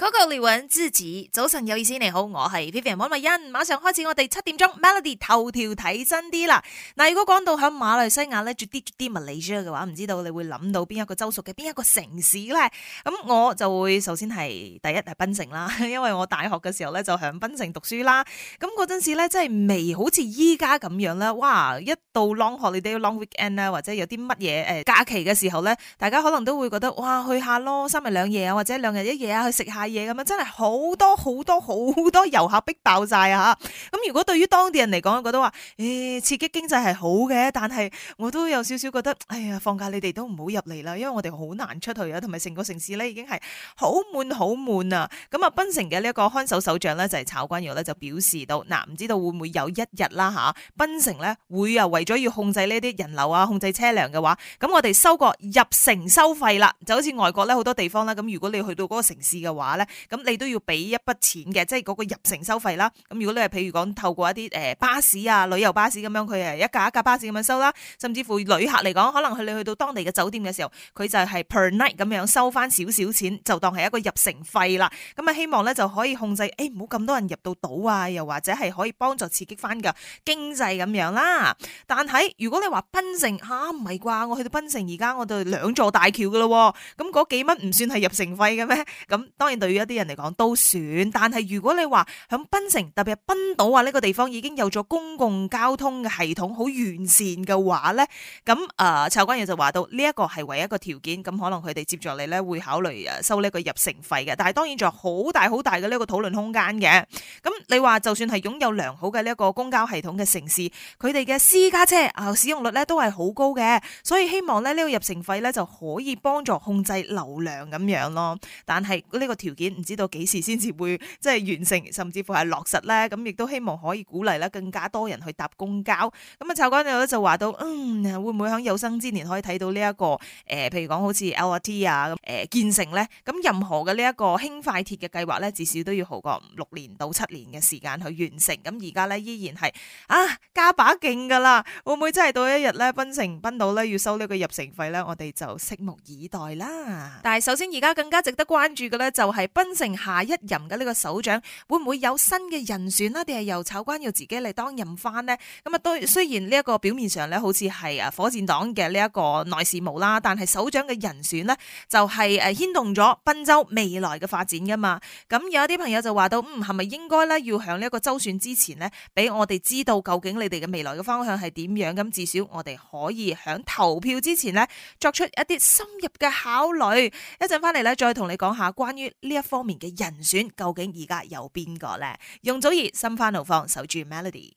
Coco 李允早晨，有意思你好，我係 Vivian 黃麗欣，馬上開始我哋七點鐘 Melody 頭條睇真啲啦。嗱，如果講到響馬來西亞咧，住啲住啲 Malaysia 嘅話，唔知道你會諗到邊一個州屬嘅邊一個城市咧？咁我就會首先係第一係檳城啦，因為我大學嘅時候咧就響檳城讀書啦。咁嗰陣時咧，即係未好似依家咁樣啦。哇！一到 Long holiday、Long weekend 咧，或者有啲乜嘢誒假期嘅時候咧，大家可能都會覺得哇，去下咯，三日兩夜啊，或者兩日一夜啊，去食下。嘢咁樣真係好多好多好多遊客逼爆晒啊！嚇咁如果對於當地人嚟講，覺得話，誒、哎、刺激經濟係好嘅，但係我都有少少覺得，哎呀放假你哋都唔好入嚟啦，因為我哋好難出去啊，同埋成個城市咧已經係好悶好悶啊！咁啊，檳城嘅呢一個看守首長咧就係、是、曹觀友咧就表示到，嗱唔知道會唔會有一日啦吓，檳城咧會啊為咗要控制呢啲人流啊，控制車輛嘅話，咁我哋收個入城收費啦，就好似外國咧好多地方啦，咁如果你去到嗰個城市嘅話。咁你都要俾一筆錢嘅，即係嗰個入城收費啦。咁如果你係譬如講透過一啲誒、呃、巴士啊、旅遊巴士咁樣，佢誒一架一架巴士咁樣收啦。甚至乎旅客嚟講，可能佢你去到當地嘅酒店嘅時候，佢就係 per night 咁樣收翻少少錢，就當係一個入城費啦。咁啊，希望咧就可以控制，誒唔好咁多人入到島啊，又或者係可以幫助刺激翻嘅經濟咁樣啦。但係如果你話檳城吓唔係啩？我去到檳城而家我哋兩座大橋嘅咯，咁嗰幾蚊唔算係入城費嘅咩？咁當然對，對一啲人嚟講都算，但係如果你話響檳城，特別係檳島啊呢個地方已經有咗公共交通嘅系統好完善嘅話咧，咁啊，蔡冠堯就話到呢一個係唯一一個條件，咁可能佢哋接住你咧會考慮啊收呢一個入城費嘅，但係當然仲有好大好大嘅呢一個討論空間嘅。咁你話就算係擁有良好嘅呢一個公交系統嘅城市，佢哋嘅私家車啊使用率咧都係好高嘅，所以希望咧呢個入城費咧就可以幫助控制流量咁樣咯。但係呢個條。條件唔知道幾時先至會即係完成，甚至乎係落實咧。咁亦都希望可以鼓勵咧，更加多人去搭公交。咁啊，炒家你咧就話到，嗯，會唔會響有生之年可以睇到呢、這、一個誒、呃，譬如講好似 LRT 啊，誒、呃、建成咧？咁任何嘅呢一個輕快鐵嘅計劃咧，至少都要好過六年到七年嘅時間去完成。咁而家咧依然係啊，加把勁噶啦，會唔會真係到一日咧，檳城檳島咧要收呢個入城費咧？我哋就拭目以待啦。但係首先而家更加值得關注嘅咧，就係、是。係檳 城下一任嘅呢個首長會唔會有新嘅人選啦？定係由炒官要自己嚟當任翻呢？咁啊，對雖然呢一個表面上咧，好似係誒火箭黨嘅呢一個內事務啦，但係首長嘅人選呢，就係誒牽動咗檳州未來嘅發展噶嘛。咁、嗯、有一啲朋友就話到，嗯，係咪應該咧要響呢一個州選之前呢，俾我哋知道究竟你哋嘅未來嘅方向係點樣？咁至少我哋可以響投票之前呢，作出一啲深入嘅考慮。一陣翻嚟咧，再同你講下關於。呢一方面嘅人選究竟而家有邊個咧？容祖兒心花怒放，守住 Melody。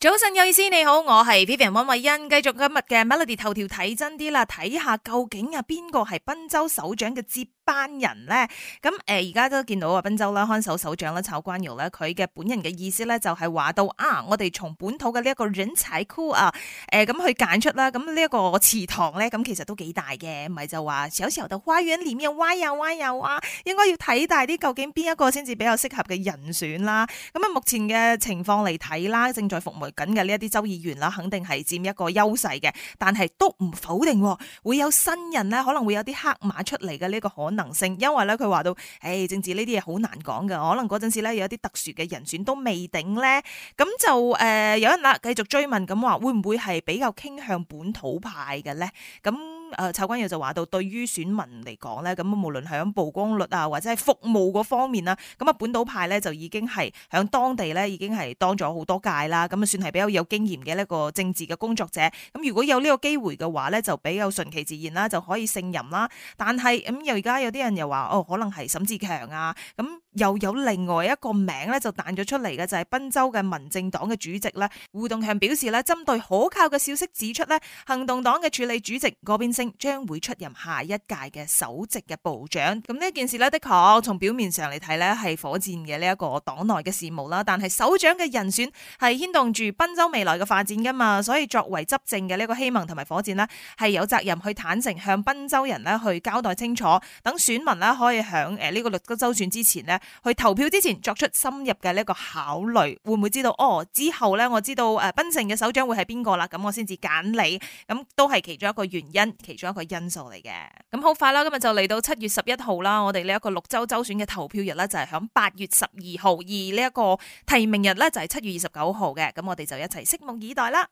早晨，有意思你好，我係 Vivian 溫慧欣，繼續今日嘅 Melody 頭條睇真啲啦，睇下究竟啊邊個係檳州首長嘅接班人咧，咁誒而家都見到話賓州啦，看守首長啦、炒關姚咧，佢嘅本人嘅意思咧就係話到啊，我哋從本土嘅呢一個人才庫啊，誒、呃、咁去揀出啦，咁呢一個池塘咧，咁其實都幾大嘅，咪就話有時候就花園裡面嘅，歪又歪又啊，應該要睇大啲，究竟邊一個先至比較適合嘅人選啦。咁啊，目前嘅情況嚟睇啦，正在服務緊嘅呢一啲州議員啦，肯定係佔一個優勢嘅，但係都唔否定會有新人咧，可能會有啲黑馬出嚟嘅呢個可。能性，因為咧佢話到，誒、哎、政治呢啲嘢，好難講㗎，可能嗰陣時咧有一啲特殊嘅人選都未定咧，咁就誒、呃、有人啦，繼續追問咁話，會唔會係比較傾向本土派嘅咧？咁。誒，邱、呃、君耀就話到，對於選民嚟講咧，咁無論喺曝光率啊，或者係服務嗰方面啦，咁啊，本島派咧就已經係喺當地咧已經係當咗好多屆啦，咁啊算係比較有經驗嘅一個政治嘅工作者。咁如果有呢個機會嘅話咧，就比較順其自然啦，就可以勝任啦。但係咁又而家有啲人又話，哦，可能係沈志強啊咁。嗯又有另外一個名咧，就彈咗出嚟嘅就係檳州嘅民政黨嘅主席啦。胡棟強表示咧，針對可靠嘅消息指出咧，行動黨嘅署理主席哥賓星將會出任下一屆嘅首席嘅部長。咁呢件事呢，的確從表面上嚟睇呢係火箭嘅呢一個黨內嘅事務啦。但係首長嘅人選係牽動住檳州未來嘅發展㗎嘛，所以作為執政嘅呢一個希盟同埋火箭呢，係有責任去坦誠向檳州人呢去交代清楚，等選民呢可以喺誒呢個六州選之前呢，去投票之前作出深入嘅呢一個考慮，會唔會知道哦？之後呢，我知道誒，檳城嘅首長會係邊個啦？咁我先至揀你，咁都係其中一個原因，其中一個因素嚟嘅。咁好快啦，今日就嚟到七月十一號啦，我哋呢一個六州州選嘅投票日呢，就係響八月十二號，而呢一個提名日呢，就係七月二十九號嘅。咁我哋就一齊拭目以待啦。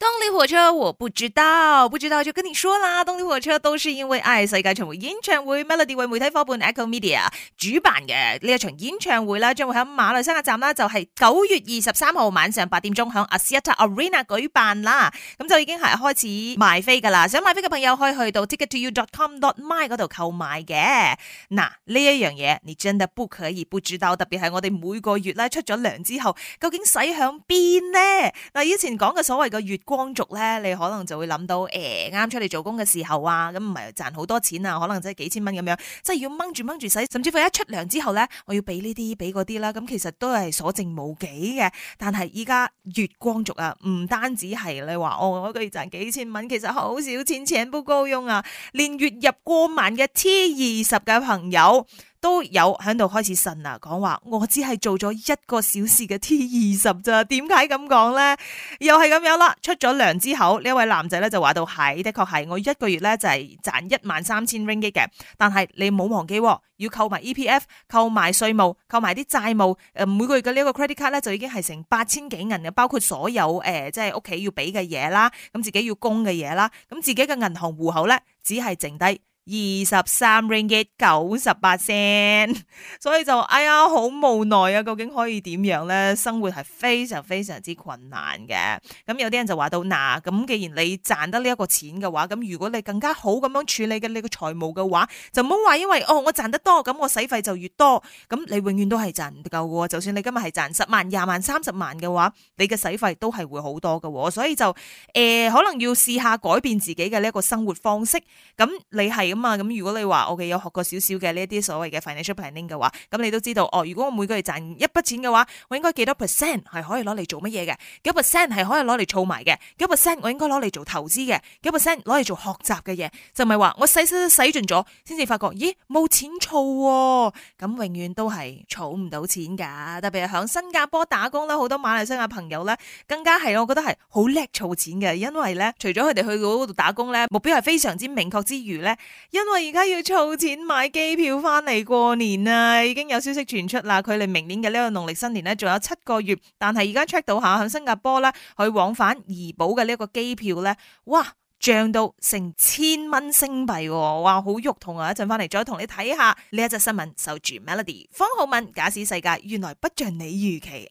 動力火車我不知道，不知道就跟你說啦。動力火車都是因為愛，世界巡回演唱會，melody 為媒體夥伴 echo media 主辦嘅呢一場演唱會啦，將會喺馬來西亞站啦，就係、是、九月二十三號晚上八點鐘喺 Axiata Arena 舉辦啦。咁就已經係開始賣飛噶啦，想買飛嘅朋友可以去到 ticket2u.com.my 嗰度購買嘅。嗱，呢一樣嘢你真的不可以不知道，特別係我哋每個月咧出咗糧之後，究竟使響邊呢？嗱，以前講嘅所謂嘅月光族咧，你可能就會諗到，誒、哎、啱出嚟做工嘅時候啊，咁唔係賺好多錢啊，可能即係幾千蚊咁樣，即係要掹住掹住使，甚至乎一出糧之後咧，我要俾呢啲俾嗰啲啦，咁其實都係所剩無幾嘅。但係依家月光族啊，唔單止係你話、哦、我一個月賺幾千蚊，其實好少錢錢不夠用啊，連月入過萬嘅 T 二十嘅朋友。都有喺度開始呻啊，講話我只係做咗一個小時嘅 T 二十咋，點解咁講咧？又係咁樣啦，出咗糧之後，呢位男仔咧就話到係的確係，我一個月咧就係賺一萬三千 ringgit 嘅，但係你冇忘記要購買 E P F、購買稅務、購買啲債務，誒、呃、每個月嘅呢一個 credit card 咧就已經係成八千幾銀嘅，包括所有誒、呃、即係屋企要俾嘅嘢啦，咁自己要供嘅嘢啦，咁自己嘅銀行戶口咧只係剩低。二十三 ringgit 九十八 cent，所以就哎呀好無奈啊！究竟可以點樣咧？生活係非常非常之困難嘅。咁有啲人就話到，嗱、呃，咁既然你賺得呢一個錢嘅話，咁如果你更加好咁樣處理嘅你個財務嘅話，就唔好話因為哦我賺得多，咁我使費就越多，咁你永遠都係賺唔夠嘅。就算你今日係賺十萬、廿萬、三十萬嘅話，你嘅使費都係會好多嘅。所以就誒、呃，可能要試下改變自己嘅呢一個生活方式。咁你係。嘛咁、嗯，如果你話我哋有學過少少嘅呢一啲所謂嘅 financial planning 嘅話，咁你都知道哦。如果我每個月賺一筆錢嘅話，我應該幾多 percent 係可以攞嚟做乜嘢嘅？幾多 percent 係可以攞嚟儲埋嘅？幾多 percent 我應該攞嚟做投資嘅？幾多 percent 攞嚟做學習嘅嘢？就唔係話我使使使盡咗，先至發覺咦冇錢儲喎、哦。咁永遠都係儲唔到錢噶。特別係響新加坡打工啦，好多馬來西亞朋友咧，更加係我覺得係好叻儲錢嘅，因為咧，除咗佢哋去到嗰度打工咧，目標係非常之明確之餘咧。因為而家要儲錢買機票翻嚟過年啊，已經有消息傳出啦。距離明年嘅呢個農曆新年咧，仲有七個月，但係而家 check 到下，喺新加坡咧，佢往返怡保嘅呢個機票咧，哇，漲到成千蚊星幣，哇，好肉痛啊！一陣翻嚟再同你睇下呢一隻新聞。守住 Melody，方浩敏假使世界原來不像你預期。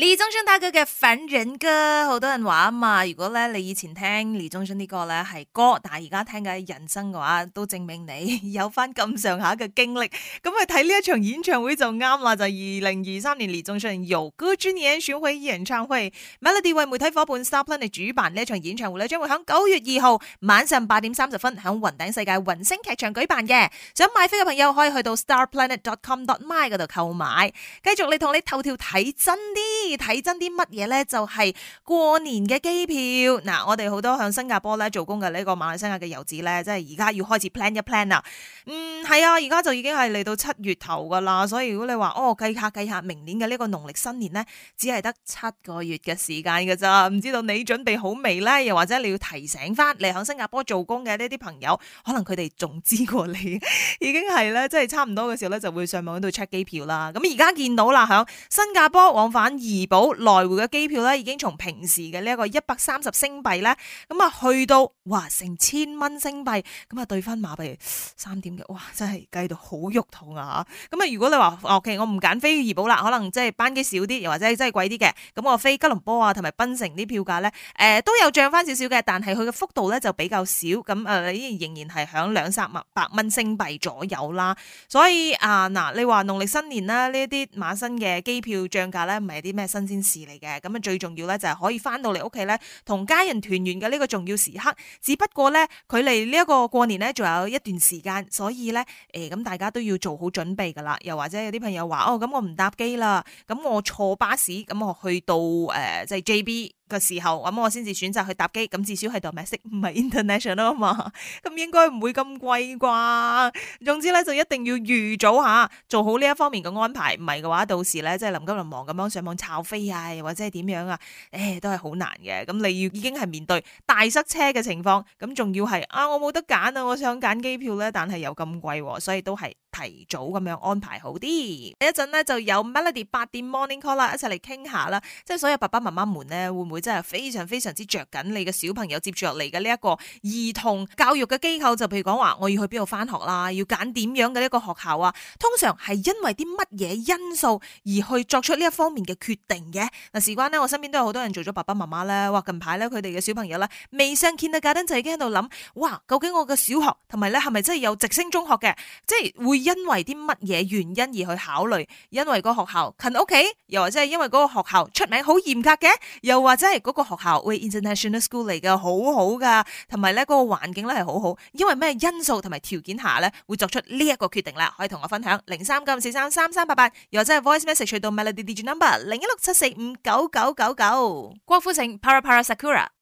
李宗盛打佢嘅凡人歌，好多人話啊嘛。如果咧你以前聽李宗盛啲歌咧，係歌，但係而家聽緊人生嘅話，都證明你有翻咁上下嘅經歷。咁去睇呢一場演唱會就啱啦，就係二零二三年李宗盛有歌專業演唱會演唱會 ，Melody 為媒體夥伴 Star Planet 主辦呢一場演唱會咧，將會響九月二號晚上八點三十分響雲頂世界雲星劇場舉辦嘅。想買飛嘅朋友可以去到 Star Planet dot com dot my 嗰度購買。繼續你同你頭條睇真啲。睇真啲乜嘢咧，就係過年嘅機票。嗱，我哋好多響新加坡咧做工嘅呢個馬來西亞嘅遊子咧，即係而家要開始 plan 一 plan 啦。嗯，係啊，而家就已經係嚟到七月頭噶啦。所以如果你話哦，計下計下，明年嘅呢個農曆新年咧，只係得七個月嘅時間噶咋。唔知道你準備好未咧？又或者你要提醒翻嚟響新加坡做工嘅呢啲朋友，可能佢哋仲知過你， 已經係咧，即係差唔多嘅時候咧，就會上網度 check 機票啦。咁而家見到啦，響新加坡往返怡寶來回嘅機票咧，已經從平時嘅呢一個一百三十星幣咧，咁啊去到哇成千蚊星幣，咁啊兌翻馬幣三點幾，哇真係計到好肉痛啊吓！咁啊，如果你話 OK，我唔揀飛怡寶啦，可能即係班機少啲，又或者係真係貴啲嘅，咁我飛吉隆坡啊，同埋檳城啲票價咧，誒、呃、都有漲翻少少嘅，但係佢嘅幅度咧就比較少，咁、呃、誒仍然係響兩三百蚊星幣左右啦。所以啊嗱、呃，你話農曆新年啦，呢一啲馬新嘅機票漲價咧，唔係啲咩新鮮事嚟嘅？咁啊，最重要咧就係可以翻到嚟屋企咧，同家人團圓嘅呢個重要時刻。只不過咧，距離呢一個過年咧仲有一段時間，所以咧，誒、呃，咁大家都要做好準備噶啦。又或者有啲朋友話：哦，咁我唔搭機啦，咁我坐巴士，咁我去到誒，即、呃、係、就是、JB。嘅時候，咁我先至選擇去搭機，咁至少係 domestic，唔係 international 啊嘛，咁應該唔會咁貴啩。總之咧，就一定要預早下，做好呢一方面嘅安排。唔係嘅話，到時咧即係臨急臨忙咁樣上網炒飛啊，或者係點樣啊，誒、哎、都係好難嘅。咁你要已經係面對大塞車嘅情況，咁仲要係啊，我冇得揀啊，我想揀機票咧，但係又咁貴，所以都係。提早咁樣安排好啲，一陣咧就有 Melody 八點 Morning Call 啦，一齊嚟傾下啦。即係所有爸爸媽媽們咧，會唔會真係非常非常之着緊你嘅小朋友接住落嚟嘅呢一個兒童教育嘅機構？就譬如講話，我要去邊度翻學啦，要揀點樣嘅呢個學校啊？通常係因為啲乜嘢因素而去作出呢一方面嘅決定嘅？嗱，事關咧，我身邊都有好多人做咗爸爸媽媽咧，哇！近排咧，佢哋嘅小朋友咧，未上 kindergarten 就已經喺度諗，哇！究竟我嘅小學同埋咧係咪真係有直升中學嘅？即係會。因為啲乜嘢原因而去考慮？因為個學校近屋企，又或者係因為嗰個學校出名好嚴格嘅，又或者係嗰個學校會 international school 嚟嘅，好好噶，同埋咧嗰個環境咧係好好。因為咩因素同埋條件下咧，會作出呢一個決定啦？可以同我分享零三九五四三三三八八，8, 又或者係 voice message 去到 Melody digit number 零一六七四五九九九九。郭富城，Para Para Sakura。